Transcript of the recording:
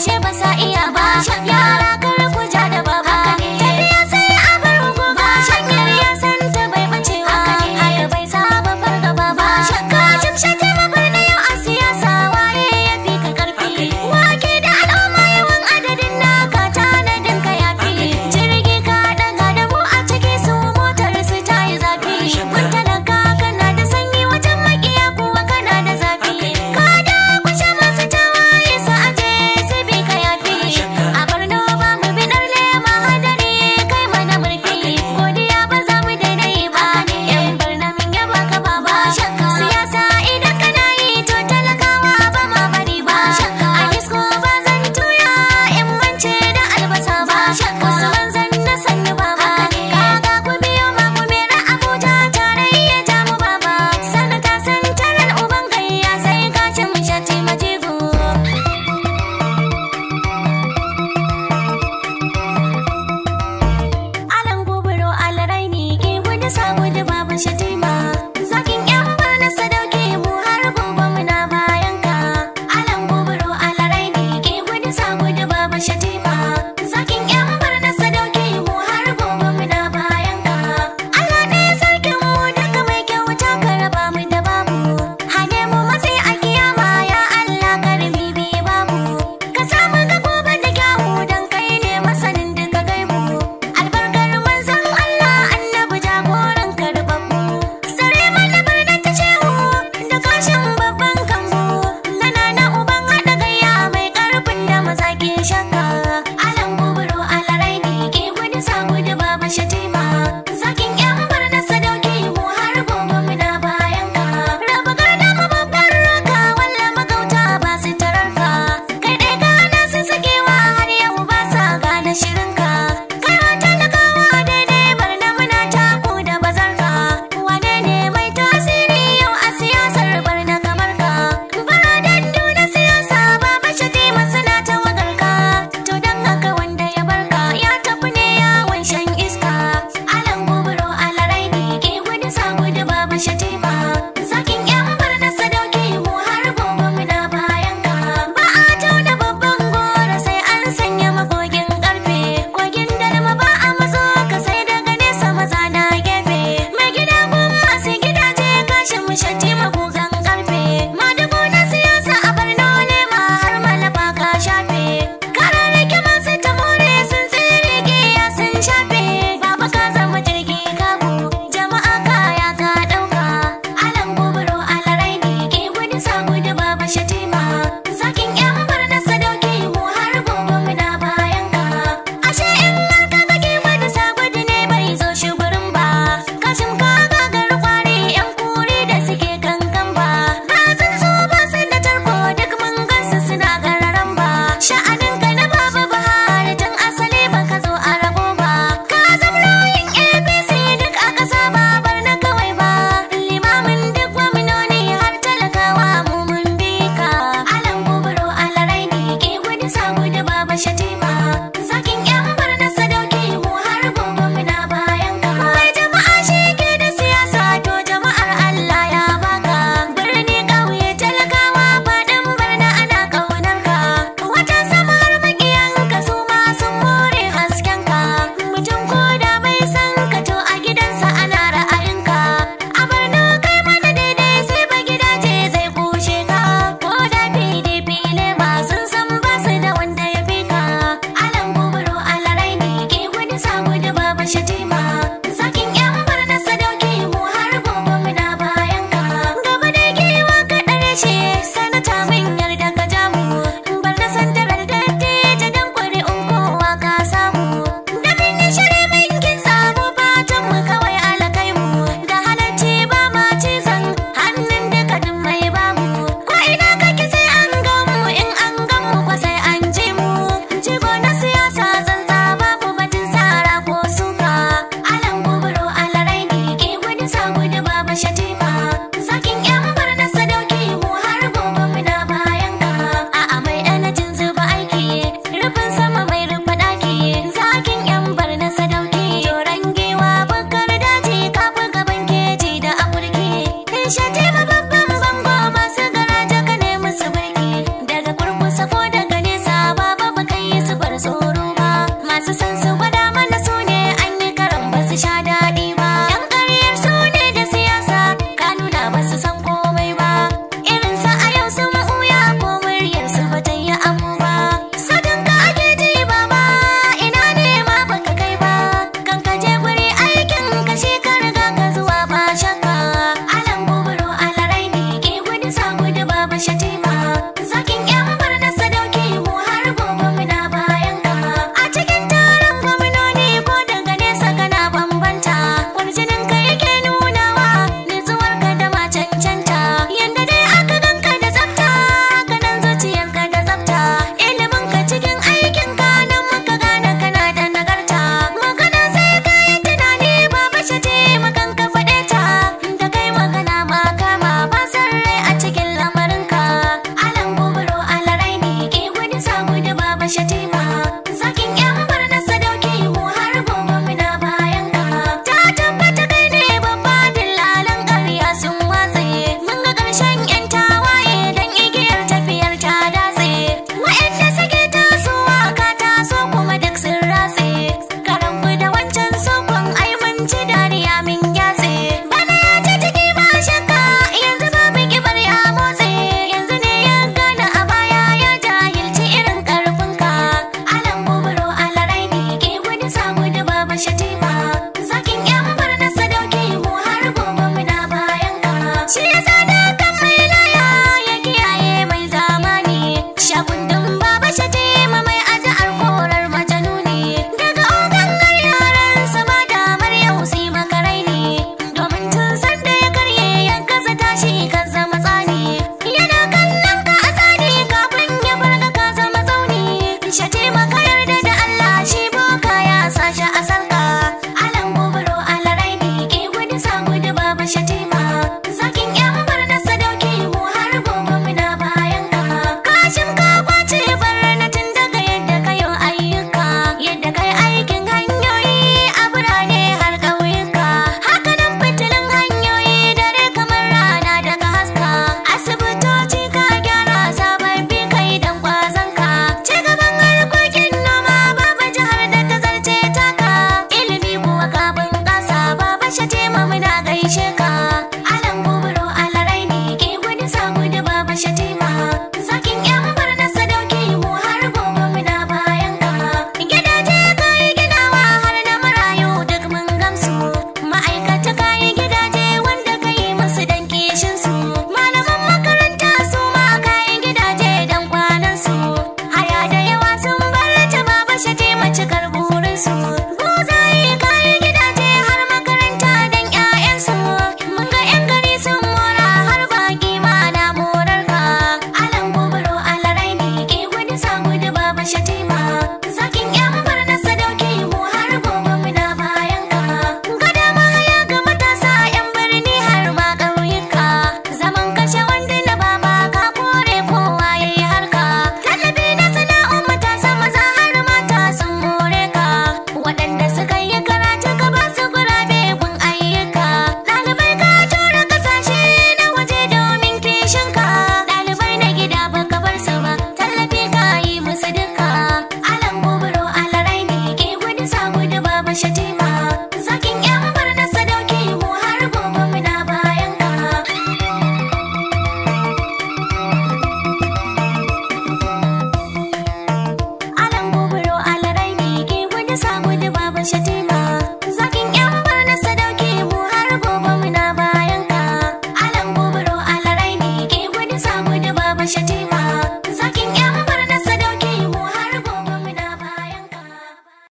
bahasa bahasa Inggris